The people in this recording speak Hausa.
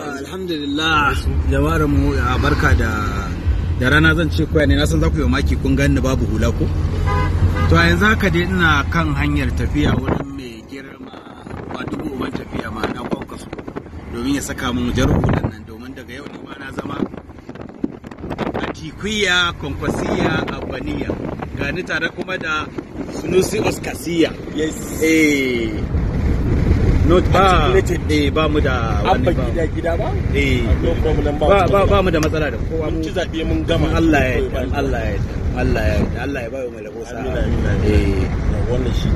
alhamdulillah jama'ar mu barka da da rana zan ce koya ne na san za ku yi maki kun gani babu hula ko to a yanzu haka dai ina kan hanyar tafiya wurin mai girma ba dubu uban tafiya ma na su domin ya saka mu jar hulan nan domin daga yau ne ma na zama tikwiya kwankwasiya abaniya gani tare kuma da sunusi oskasiya yes eh not ba eh ba mu da wani ba gida gida ba eh ba ba ba mu da matsala da kowa mun ci zabe mun gama Allah ya Allah ya Allah ya Allah ya ba mu mai rabo sa eh wannan shi